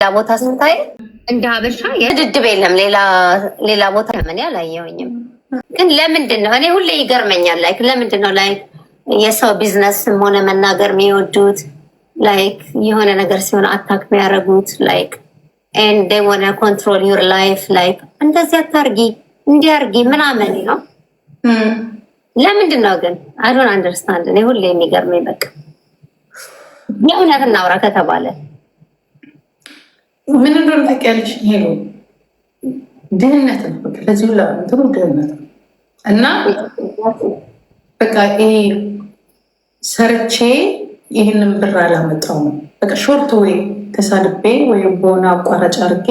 ሌላ ቦታ ስታይ እንደ ሀበሻ የድድብ የለም። ሌላ ቦታ ለምን አላየሁኝም። ግን ለምንድን ነው እኔ ሁሌ ይገርመኛል። ላይክ ለምንድን ነው ላይክ የሰው ቢዝነስም ሆነ መናገር የሚወዱት ላይክ የሆነ ነገር ሲሆን አታክ የሚያደርጉት ላይክ ኤንድ ወነ ኮንትሮል ዩር ላይፍ ላይክ እንደዚህ አታርጊ እንዲያርጊ ምናምን ነው። ለምንድን ነው ግን አይ ዶንት አንደርስታንድ። እኔ ሁሌ የሚገርመኝ በቃ የእውነት እናውራ ከተባለ ምን እንደሆነ ታውቂያለሽ? ይሄ ድህነት ነው። ለዚህ ሁላ እንትኑ ድህነት ነው። እና በቃ ይሄ ሰርቼ ይህንን ብር አላመጣው ነው በቃ ሾርት ወይ ተሳድቤ ወይም በሆነ አቋራጭ አድርጌ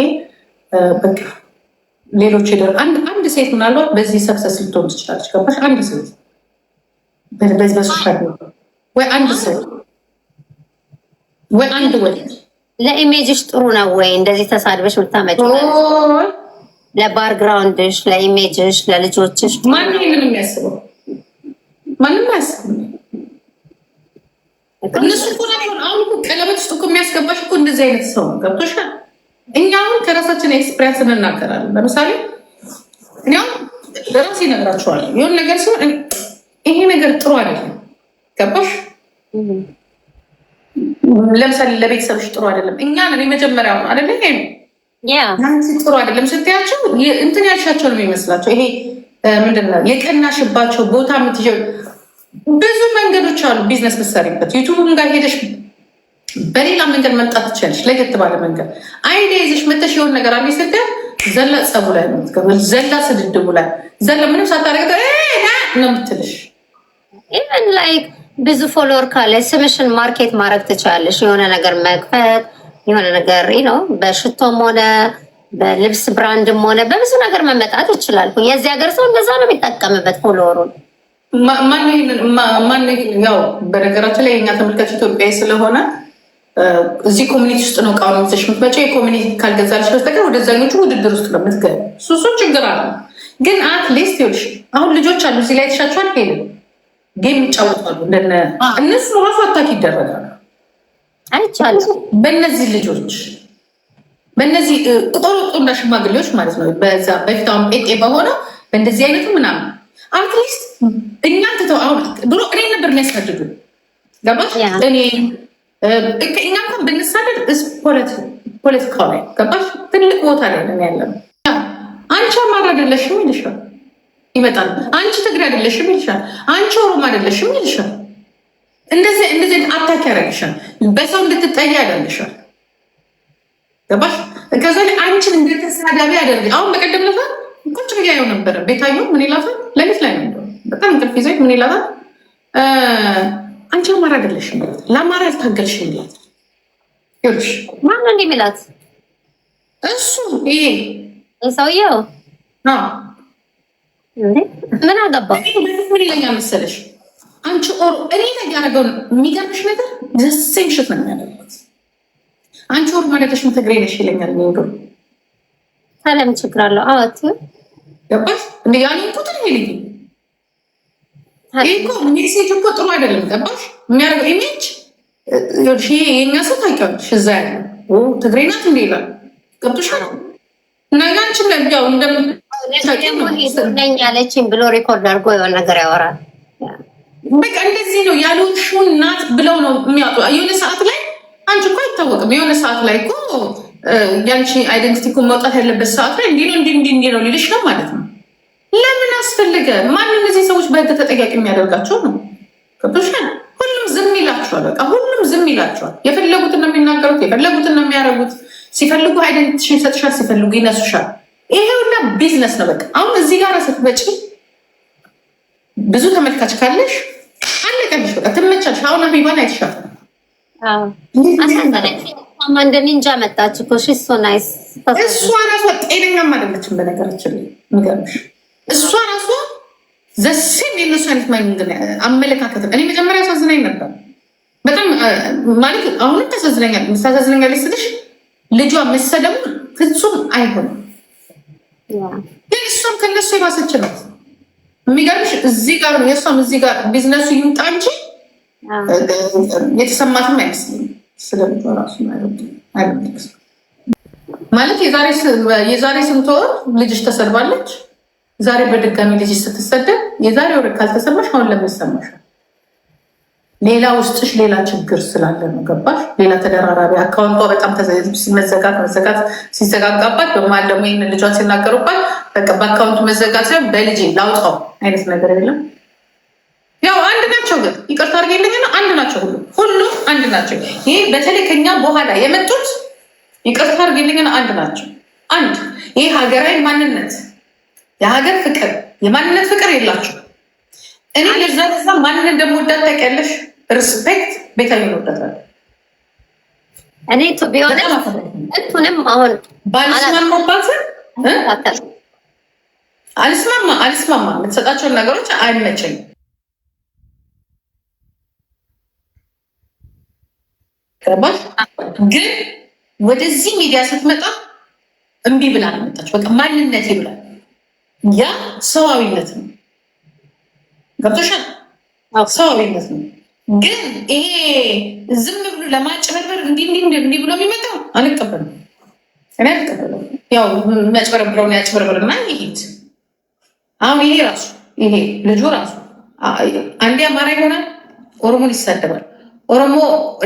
በቃ ሌሎች ይደ አንድ ሴት ምናልባት በዚህ ሰክሰስ ልትሆን ትችላለች። ገባሽ? አንድ ሴት በዚህ በሶሻል ወይ አንድ ሴት ወይ አንድ ወንድ ለኢሜጅሽ ጥሩ ነው ወይ እንደዚህ ተሳድበሽ የምታመጪው? ለባርግራውንድሽ፣ ለኢሜጅሽ፣ ለልጆችሽ ማንም ምን የሚያስበው ማንም አያስብ። እነሱ እኮ አሁን ቀለበት ውስጥ እኮ የሚያስገባሽ እኮ እንደዚህ አይነት ሰው ገብቶሻል። እኛ አሁን ከራሳችን ኤክስፕሪያንስ እንናገራለን። ለምሳሌ እኒያም ለራሴ ይነግራቸዋል የሆን ነገር ሲሆን ይሄ ነገር ጥሩ አይደለም ገባሽ ለምሳሌ ለቤተሰብሽ ጥሩ አይደለም፣ እኛ ነን የመጀመሪያው ነው አይደለ? ናንቺ ጥሩ አይደለም ስትያቸው እንትን ያልሻቸው ነው የሚመስላቸው። ይሄ ምንድን ነው የቀናሽባቸው ቦታ ምትጀ ብዙ መንገዶች አሉ ቢዝነስ መሰሪበት ዩቱብም ጋር ሄደሽ በሌላ መንገድ መምጣት ትችላለች። ለየት ባለ መንገድ አይዲያ ይዘሽ መተሽ የሆን ነገር አሚ ስትያ ዘላ ጸቡ ላይ ነው የምትገባው፣ ዘላ ስድድቡ ላይ ዘላ ምንም ሳታደርግ ነው የምትልሽ ብዙ ፎሎወር ካለ ስምሽን ማርኬት ማድረግ ትችላለሽ። የሆነ ነገር መክፈት የሆነ ነገር ነው። በሽቶም ሆነ በልብስ ብራንድም ሆነ በብዙ ነገር መመጣት ይችላል። የዚህ ሀገር ሰው እንደዛ ነው የሚጠቀምበት ፎሎወሩን። ማን ያው በነገራችን ላይ የኛ ተመልካች ኢትዮጵያዊ ስለሆነ እዚህ ኮሚኒቲ ውስጥ ነው ቃሉ ምሰሽ የምትመጪው። የኮሚኒቲ ካልገዛልሽ በስተቀር ወደዛኞቹ ውድድር ውስጥ ነው የምትገቢው። ሱሱ ችግር አለ። ግን አትሊስት ይኸውልሽ አሁን ልጆች አሉ እዚህ ላይ ትሻቸዋል ሄ ጌም ይጫወታሉ። እንደነ እነሱ ራሱ አታክ ይደረጋሉ። አይቻልም። በእነዚህ ልጆች በእነዚህ ቁጦሮጦና ሽማግሌዎች ማለት ነው። በዛ በፊት አሁን ጴጤ በሆነው በእንደዚህ አይነቱ ምናምን አትሊስት እኛ ትተው አሁን ብሎ እኔ ነበር የሚያሳድዱ ገባሽ? እኔ እኛ እንኳን ብንሳደድ ፖለቲካ ላይ ገባሽ? ትልቅ ቦታ ላይ ነው ያለ። አንቺ አማራ አይደለሽም ይልሻል ይመጣል። አንቺ ትግሬ አይደለሽም ይልሻል። አንቺ ኦሮሞ አይደለሽም ይልሻል። እንደዚህ እንደዚህ አታክ ያደርግሻል። በሰው እንድትጠያ ያደርግሻል። ገባሽ? ከዛ ላይ አንቺን እንደተሳዳቢ ያደርግ አሁን በቀደም ለታ ቁጭ ብያየው ነበረ። ቤታየው ምን ይላታል? ለሊት ላይ ነው በጣም እንቅልፍ ይዘት ምን ይላታል? አንቺ አማራ አይደለሽም፣ ለአማራ ያልታገልሽ ይላታል። ይኸውልሽ ማነው እንዲህ የሚላት? እሱ ይሄ ሰውየው ምን አገባ ሌለኛ መሰለሽ አንቺ ኦሮ እኔ ላይ ያደረገው የሚገርምሽ ነገር ደሴም ሽት ነው የሚያደርጉት። አንቺ ኦሮ ማለትሽ ምትግሬ ነሽ ይለኛል። ሚሄዱ ታለም ችግር አለው። አዋት ገባሽ እንደ ያኔ ቁጥር ይሄ ልጅ ይኮ ሜሴጅ እኮ ጥሩ አይደለም። ገባሽ የሚያደርገው ኢሜጅ ይሄ የእኛ ሰው ታውቂዋለሽ። እዛ ያለ ትግሬ ናት እንደ ይላል። ገብቶሻል። ነገ አንቺም ያው እንደም ነኝ ያለችኝ ብሎ ሪኮርድ አድርጎ የሆነ ነገር ያወራል። በቃ እንደዚህ ነው ያልሆንሽውን ናት ብለው ነው የሚያውጡ። የሆነ ሰዓት ላይ አንቺ እኮ አይታወቅም። የሆነ ሰዓት ላይ እኮ ያንቺ አይደንቲቲ እኮ መውጣት ያለበት ሰዓት ላይ እንዲህ ነው እንዲህ እንዲህ ነው ሊልሽ ነው ማለት ነው። ለምን አስፈለገ? ማንም እነዚህ ሰዎች በህግ ተጠያቂ የሚያደርጋቸው ነው። ገብቶሻል? ሁሉም ዝም ይላቸዋል። በቃ ሁሉም ዝም ይላቸዋል። የፈለጉትን ነው የሚናገሩት፣ የፈለጉትን ነው የሚያደርጉት። ሲፈልጉ አይደንቲሽን ይሰጥሻል፣ ሲፈልጉ ይነሱሻል። ይሄ ሁላ ቢዝነስ ነው። በቃ አሁን እዚህ ጋር ስትመጪ ብዙ ተመልካች ካለሽ አለቀልሽ። በቃ ትመቻለሽ። አሁን ሀቢባን አይተሻት እንደ ኒንጃ መጣች እኮ እሷ ናይስ። እሷ ራሷ ጤነኛም አይደለችም በነገራችን ላይ የሚገርምሽ እሷ ራሷ ዘሴም የነሱ አይነት ማይንግ አመለካከት እኔ መጀመሪያ ያሳዝናኝ ነበር በጣም ማለት አሁንም ታሳዝለኛል ታሳዝለኛለች ስልሽ ልጇ መሰደቡ ፍጹም አይሆንም። እሷም ከነሱ የባሰች ነው። የሚገርምሽ እዚህ ጋር ነው የእሷም እዚህ ጋር ቢዝነሱ ይምጣ እንጂ የተሰማትም አይመስለኝም። ስለራሱ ማለት የዛሬ ስንት ወር ልጅሽ ተሰድባለች። ዛሬ በድጋሚ ልጅሽ ስትሰደብ የዛሬ ወር ካልተሰማሽ አሁን ለምን ሰማሻል? ሌላ ውስጥሽ ሌላ ችግር ስላለ ነው። ገባሽ? ሌላ ተደራራቢ አካውንቷ በጣም ሲመዘጋት መዘጋት ሲዘጋጋባት በማል ደግሞ ይህን ልጇን ሲናገሩባት በአካውንቱ መዘጋት ሳይሆን በልጅ ላውጣው አይነት ነገር የለም። ያው አንድ ናቸው፣ ግን ይቅርታ አድርጌልኝና አንድ ናቸው። ሁሉ ሁሉም አንድ ናቸው። ይህ በተለይ ከኛ በኋላ የመጡት ይቅርታ አድርጌልኝና አንድ ናቸው። አንድ ይህ ሀገራዊ ማንነት፣ የሀገር ፍቅር፣ የማንነት ፍቅር የላቸው እኔ ለዛ ማንን እንደምወዳት ታውቂያለሽ? ሪስፔክት ቤታ ይኖርበታል። እኔ ቢሆንም አሁን ባልስማማባትን አልስማማ አልስማማ የምትሰጣቸውን ነገሮች አይመቸኝም። ገባሽ? ግን ወደዚህ ሚዲያ ስትመጣ እምቢ ብላ መጣች። በቃ ማንነት ይብላል። ያ ሰዋዊነት ነው። ገብቶሻል? ሰዋዊነት ነው። ግን ይሄ ዝም ብሎ ለማጭበርበር እንዲህ እንዲህ እንዲህ ብሎ የሚመጣው አንቀበልም፣ እኔ አንቀበልም። ያው የሚያጭበረብረውን ያጭበርብርና ይሄድ። አሁን ይሄ ራሱ ይሄ ልጁ ራሱ አንዴ አማራ ይሆናል፣ ኦሮሞን ይሳደባል። ኦሮሞ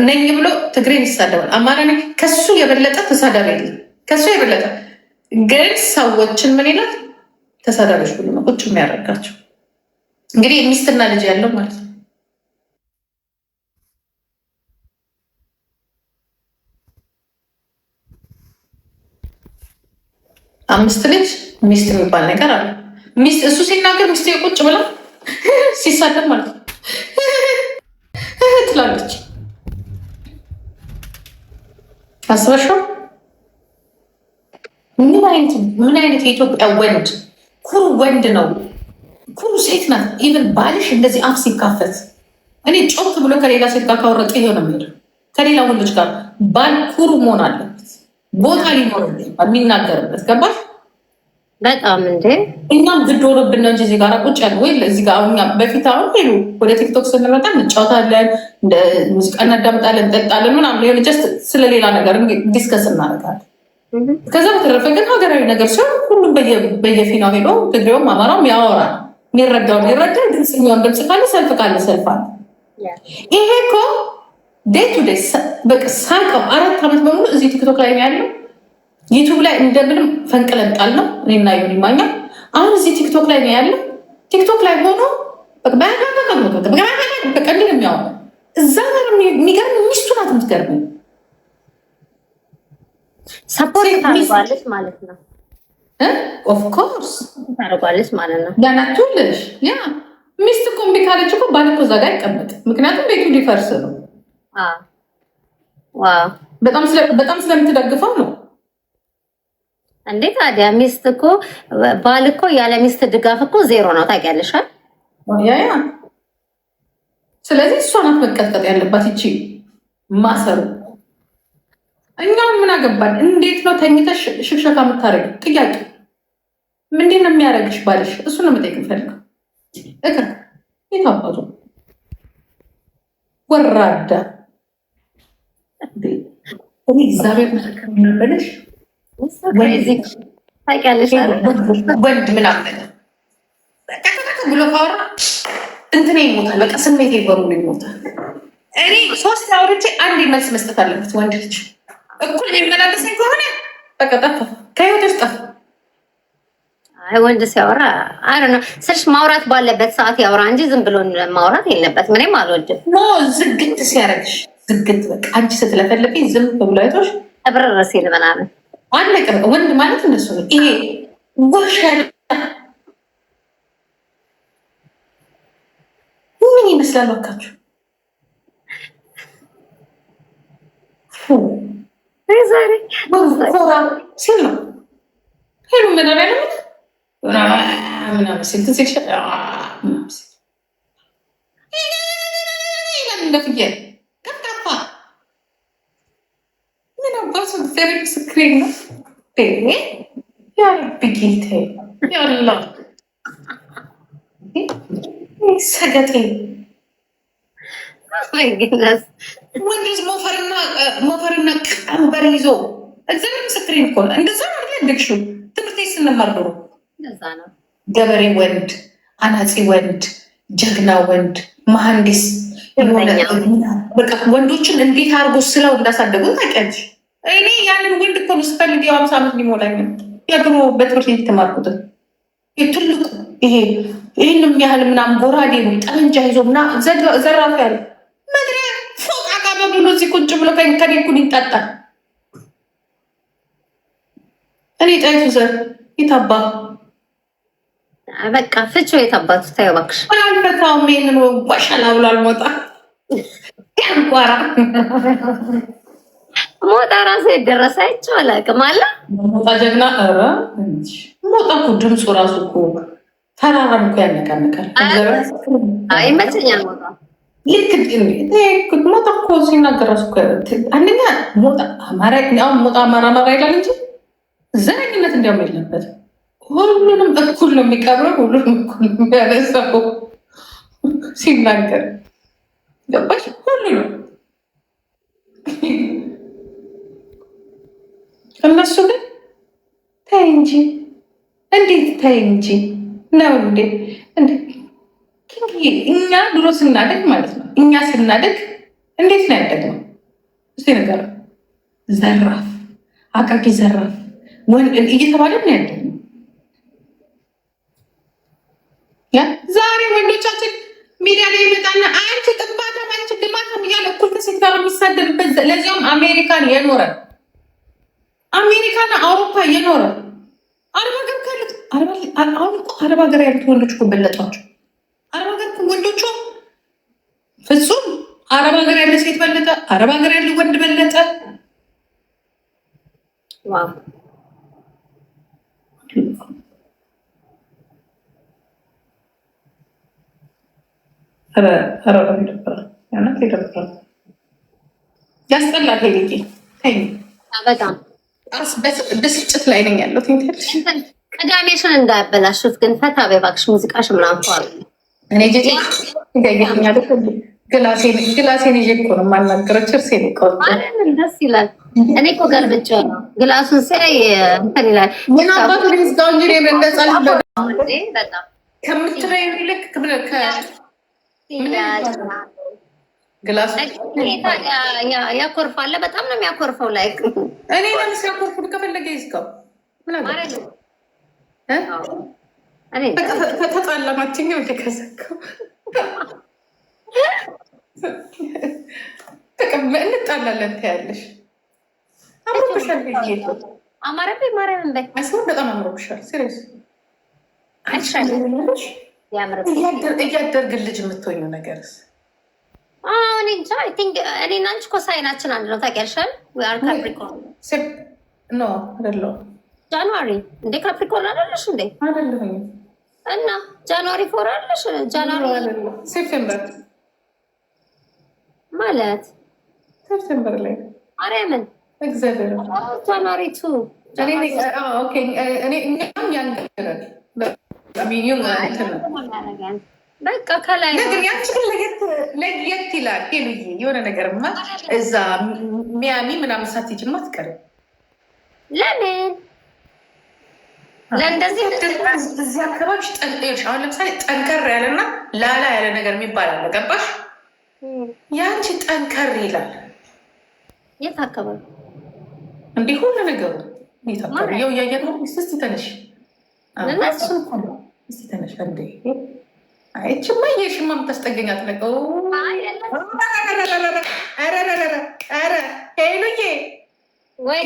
ነኝ ብሎ ትግሬን ይሳደባል። አማራ ነኝ ከሱ የበለጠ ተሳዳቢ የለም። ከሱ የበለጠ ግን ሰዎችን ምን ይላል? ተሳዳቢዎች ብሎ ነው ቁጭ የሚያደርጋቸው። እንግዲህ ሚስትና ልጅ ያለው ማለት ነው አምስት ልጅ ሚስት የሚባል ነገር አለ። ሚስት እሱ ሲናገር ሚስት ቁጭ ብላ ሲሳደብ ማለት ነው ትላለች። አስበሽው ምን አይነት ምን አይነት የኢትዮጵያ ወንድ ኩሩ ወንድ ነው። ኩሩ ሴት ናት። ኢቨን ባልሽ እንደዚህ አፍ ሲካፈት እኔ ጮክ ብሎ ከሌላ ሴት ጋር ካወረቀ ይሆነ ሄደ ከሌላ ወንዶች ጋር ባል ኩሩ መሆን አለ ቦታ ሊኖር የሚናገርበት ገባሽ? በጣም እንዴ እኛም ግድ ሆኖብን ነው እንጂ እዚህ ጋር ቁጭ ያለ ወይ እዚህ ጋር እኛ በፊት አሁን ሄዱ ወደ ቲክቶክ ስንመጣ እንጫወታለን፣ ሙዚቃ እናዳምጣለን፣ እንጠጣለን ምናምን የሆነ ጀስት ስለሌላ ነገር ዲስከስ እናደርጋለን። ከዛ በተረፈ ግን ሀገራዊ ነገር ሲሆን ሁሉም በየፊናው ሄዶ ትግሬውም አማራውም ያወራል። የሚረዳውን ይረዳ፣ ድምፅ የሚሆን ድምፅ ካለ ሰልፍ ካለ ሰልፋል። ይሄ እኮ ዴይ ቱ ዴይ በቃ ሳቀው አራት ዓመት በሙሉ እዚህ ቲክቶክ ላይ ያለው ዩቱብ ላይ እንደምንም ፈንቅለን ነው እኔና ዮኒ ማኛ አሁን እዚህ ቲክቶክ ላይ ነው ያለው። ቲክቶክ ላይ ሆኖ በቀን የሚያው እዛ ጋር የሚገርም ሚስቱ ናት የምትገርም ሰፖርት ታደርጓለች ማለት ነው። ኦፍኮርስ ታደርጓለች ማለት ነው። ገና ትውልሽ ያ ሚስት እኮ እምቢ ካለች እኮ ባል እኮ እዛ ጋር አይቀመጥ። ምክንያቱም ቤቱ ሊፈርስ ነው በጣም ስለምትደግፈው ነው። እንዴት ታዲያ ሚስት እኮ ባል እኮ ያለ ሚስት ድጋፍ እኮ ዜሮ ነው። ታውቂያለሻል። ስለዚህ እሷ ናት መቀጥቀጥ ያለባት። ይቺ ማሰሩ እኛም ምን አገባል? እንዴት ነው ተኝተሽ ሽክሸካ የምታደርግ? ጥያቄ ምንድን ነው የሚያደርግሽ ባልሽ? እሱ ነው መጠየቅ የምፈልገው። እቅር የታባቱ ወራዳ እግዚአብሔር ምስክር የምንበልሽ ወንድ ምን ብሎ ካወራ እንትኔ ይሞታል። በቃ ስሜት ይሞታል። እኔ ሶስት አውርቼ አንድ መልስ መስጠት አለበት ወንድ ልጅ። እኩል የሚመላለሰኝ ከሆነ በቃ ጠፋ፣ ጠፋ። ወንድ ሲያወራ አይ ነው ስልሽ ማውራት ባለበት ሰዓት ያውራ እንጂ ዝም ብሎ ማውራት የለበት። ምንም አልወድም። ዝግት ሲያደርግሽ ዝግት በቃ አንቺ ስትለፈልፊ ዝም ብላይቶች እብርረሴ ምናምን አለቀ። ወንድ ማለት እነሱ ነው። ይሄ ወሻ ምን ይመስላል አካችሁ ሲል ነው ሄሉ መደሪያ ምናምን ሲል ትንሽ ይላል እንደ እግዚአብሔር ምስክሬን ነው። ያረብ ጌታ ያላ ሰገጤ ወንድዝ ሞፈርና ቀንበር ይዞ እግዚአብሔር ምስክሬን እኮ ነው። እንደዛ ትምህርት ስንማር ኖሮ ገበሬ ወንድ፣ አናፂ ወንድ፣ ጀግና ወንድ፣ መሐንዲስ በቃ ወንዶችን እንዴት አድርጎ ስለው እንዳሳደጉ ታውቂያለሽ። እኔ ያንን ወንድ እኮ ነው ስፈልግ ያው አምሳ ዓመት ሊሞላኝ ነው የድሮ በትምህርት ቤት የተማርኩት ትልቁ ይሄ ይህንም ያህል ምናምን ጎራዴ ነው ጠመንጃ ይዞ ምና ዘራፍ ያለ መድሪያ ፎቅ አቃበ ብሎ እዚህ ቁጭ ብሎ ከኔኩን ይጣጣል። እኔ ጣይቱ ዘር የታባ በቃ ፍቹ የታባቱ ታየው እባክሽ አልፈታውም። ይህንን ጓሻላ ብሎ አልሞጣ ያንጓራ ሞጣ ራሱ የደረሰ አይቼው አላውቅም አለ ሞጣ ጀግና። ኧረ ሞጣ እኮ ድምፁ ራሱ እኮ ተራራም እኮ ያነቃነቃል። ይመቸኛል ሞጣ ልክ ሞጣ እኮ ሲናገር ራሱ አንደኛ ሞጣ አማራ ሞጣ አማራ አማራ ይላል እንጂ ዘረኝነት እንዲያውም የለበት። ሁሉንም እኩል ነው የሚቀብረው፣ ሁሉንም እኩል የሚያነሳው ሲናገር ገባሽ ሁሉ ነው እነሱ ግን ተይ እንጂ እንዴት ተይ እንጂ ነው እንዴ እኛ ድሮ ስናደግ ማለት ነው እኛ ስናደግ እንዴት ነው ያደግነው? እስቲ ነገር ዘራፍ አቃቂ ዘራፍ እየተባለ ነው ያደግነው። ዛሬ ወንዶቻችን ሚዲያ ላይ ይመጣና አንቺ ጥባታም አንቺ ግማታም እያለ እኩል ከሴት ጋር የሚሳደብበት ለዚያውም አሜሪካን የኖረ አሜሪካና አውሮፓ እየኖረ አረብ ሀገር ካሉት አሁን እኮ አረብ ሀገር ያሉት ወንዶች እኮ በለጧቸው። አረብ ሀገር ወንዶቹ ፍጹም አረብ ሀገር ያለ ሴት በለጠ፣ አረብ ሀገር ያለ ወንድ በለጠ። ያስጠላል። ሄ በጣም ብስጭት ላይ ነኝ ያለሁት። ቅዳሜሽን እንዳያበላሹት ግን ፈታ በይ እባክሽ። ሙዚቃሽ ምናምን ተዋል። እኔ ይገኛኛል ግላሴን ይዤ እኮ ነው የማናገረው። ችርሴን ደስ ይላል። እኔ እኮ ገልብጬ ነው ግላሱን ሳይ እንትን ይላል። ምን አባቱ ስጋው እንጂ መለጻ ከምትበይ ልክ ግላሱ ያኮርፋል። በጣም ነው የሚያኮርፈው ላይ እኔ ለምሳ ኮርኩድ ከፈለገ ይዝጋው። ተጣላ ማትኛው እንደከዘጋው እንጣላለን ታያለሽ። አምሮብሻል፣ አማረብኝ። ማርያም እንደ አይሰማም። በጣም አምሮብሻል። ሲሪየስ እያደርግን ልጅ የምትሆኙ ነገርስ እኔ እንጃ። እኔ እና አንቺ እኮ ሳይናችን አንድ ነው። ታውቂያለሽ ኖ አይደለሁም። ጃንዋሪ እንዴ ካፕሪኮርን አይደለሽ እንዴ? አይደለሁም። እና ጃንዋሪ ፎር አለሽ። ጃንዋሪ ሴፕቴምበር ማለት ሴፕቴምበር ላይ ማርያምን እግዚአብሔር ጃንዋሪ ቱ እኛም ያንገረል በቃ ከላይ ነገር ያንቺ ግን ለየት ይላል። ሄሉዬ የሆነ ነገርማ እዛ ሚያሚ ምናምን ሳትሄጂማ አትቀርም። ለምን ለእንደዚህ እዚህ አካባቢሽ አሁን ለምሳሌ ጠንከር ያለና ላላ ያለ ነገር የሚባል አለ። ገባሽ? የአንቺ ጠንከር ይላል። የት አካባቢ እንዲህ ሁሉ ነገሩ የው ያየ ስ ተነሽ ስ ተነሽ እንዴ አይችማ የሽማ የምታስጠገኝ አትለቀ ሄሉዬ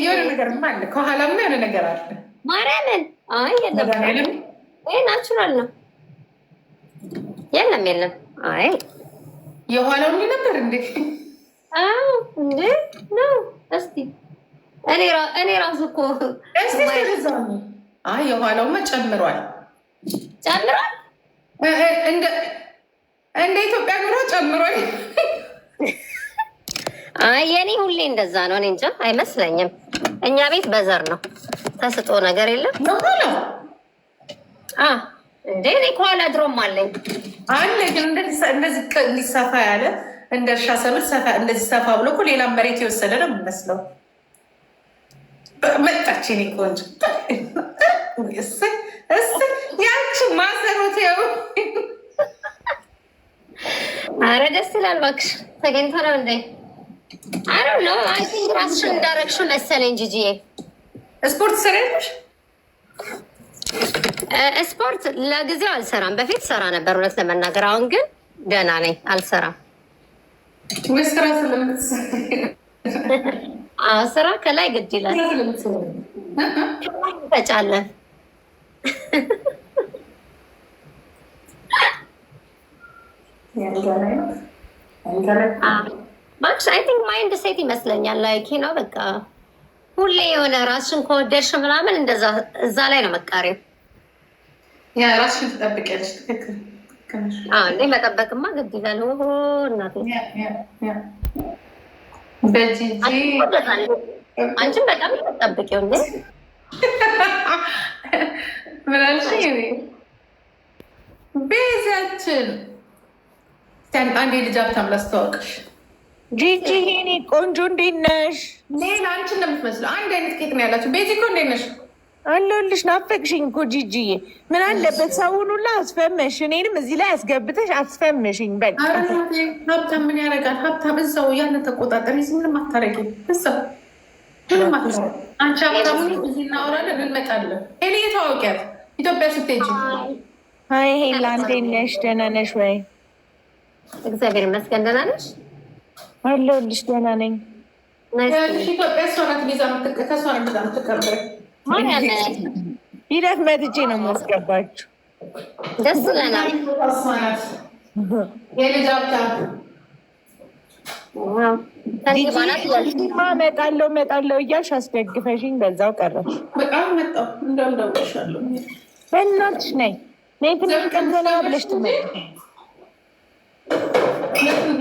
የሆነ ነገር አለ፣ የሆነ ነገር አለ። ማርያምን የለም፣ ናቹራል ነው። የለም የለም። አይ የኋላው እንዲ ነበር እንዴ? እንዴ ነው። እስቲ እኔ ራሱ እኮ ጨምሯል እንደ ኢትዮጵያ ኑሮ ጨምሮ የኔ ሁሌ እንደዛ ነው። እኔ እንጃ አይመስለኝም። እኛ ቤት በዘር ነው ተስጦ ነገር የለም እንዴ እኔ ከኋላ ድሮም አለኝ አለ ግን እንደዚህ ሰፋ ያለ እንደ እርሻ ሰብል እንደዚህ ሰፋ ብሎ ሌላ መሬት የወሰደ ነው የምመስለው። መጣች ኔ ቆንጆ ራሱ ማሰሩት ያው አረ ደስ ይላል። እባክሽ ተገኝቶ ነው እንዴ? አረ ነው አይ ቲንክ ራስሽን እንዳረግሽው መሰለኝ። ጂጂዬ ስፖርት ሰሪያለሽ? ስፖርት ለጊዜው አልሰራም። በፊት ሰራ ነበር እውነት ለመናገር አሁን ግን ደህና ነኝ፣ አልሰራም። ስራ ከላይ ግድ ይላል። ተጫለን አይ ቲንክ ማይንድ ሴት ይመስለኛል። ላይክ ነው በቃ ሁሌ የሆነ ራስሽን ከወደድሽ ምናምን እንደዛ እዛ ላይ ነው መቃሪው። ራስሽን ትጠብቂያለሽ። ትክክል እንዴ? መጠበቅማ ግድ ይላል። እናቴ አንቺም በጣም ጠብቂው እንዴ ምናልሽ ቤዛችን አንዴ የልጅ ሀብታም ላስተዋወቅሽ። ጂጂ የኔ ቆንጆ እንዴት ነሽ? ሌላ አንቺ ነው አንድ አይነት ጌጥ ነው ያላቸው። ቤዚ እኮ እንዴት ነሽ? አለሁልሽ። ናፈቅሽኝ እኮ ጂጂዬ። ምን አለበት ሰውን ሁላ አስፈመሽ፣ እኔንም እዚህ ላይ አስገብተሽ አስፈመሽኝ። በቃ ሀብታም ምን ያደርጋል? ሀብታም እዛው ተቆጣጠር። ዚ ምንም አታረጊ እዛው ምንም አታረጊም። አንቺ ሀብታሙ እዚህ እናወራለን እንመጣለን። ሄሊ የታወቂያት ኢትዮጵያ ስትሄጂ። ሀይ ሄላ እንዴት ነሽ? ደህና ነሽ ወይ? እግዚአብሔር ይመስገን። ደህና ነሽ? አለሁልሽ። ደህና ነኝ። ኢትዮጵያ እሷ ሂደት መጥቼ ነው የማስገባችሁ። ደስ ይለናል። መጣለው መጣለው እያልሽ አስደግፈሽኝ በዛው ቀረሽ። በጣም መጣሁ። እንደውም በእናትሽ ነይ ነይ፣ ትንሽ ቀን ብለሽ ትመጣለሽ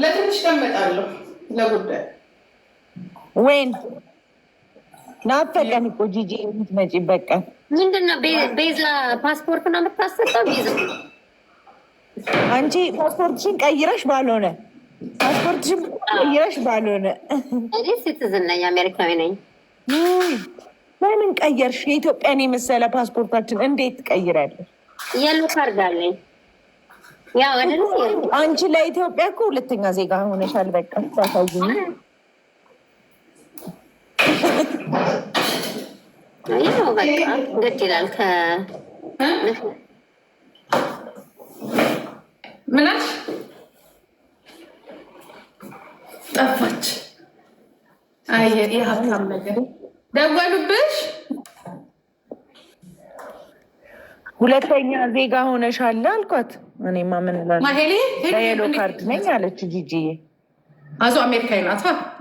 ለትንሽ ቀመጣለሁ ለጉዳይ ወይን ናፈቀን እኮ ጂጂ የምትመጪበት ቀን ምንድን ነው? ቤዛ ፓስፖርት ነው የምታሰጠው። ቤዛ አንቺ ፓስፖርትሽን ቀይረሽ ባልሆነ ፓስፖርትሽን ቀይረሽ ባልሆነ እኔ ሲቲዝን ነኝ፣ አሜሪካዊ ነኝ። ለምን ቀየርሽ? የኢትዮጵያን የመሰለ ፓስፖርታችን እንዴት ትቀይራለሽ? የሉ ካርድ አለኝ አንቺ ለኢትዮጵያ እኮ ሁለተኛ ዜጋ ሆነሻል። በቃ ታሳዩ ግድ ይላል። ምናሽ ጠፋች። አይ የሀብታም ነገር ደወሉብሽ ሁለተኛ ዜጋ ሆነሻል አልኳት። እኔማ ምን እላለሁ የሎ ካርድ ነኝ አለች ጂጂዬ። አዞ አሜሪካ ናት።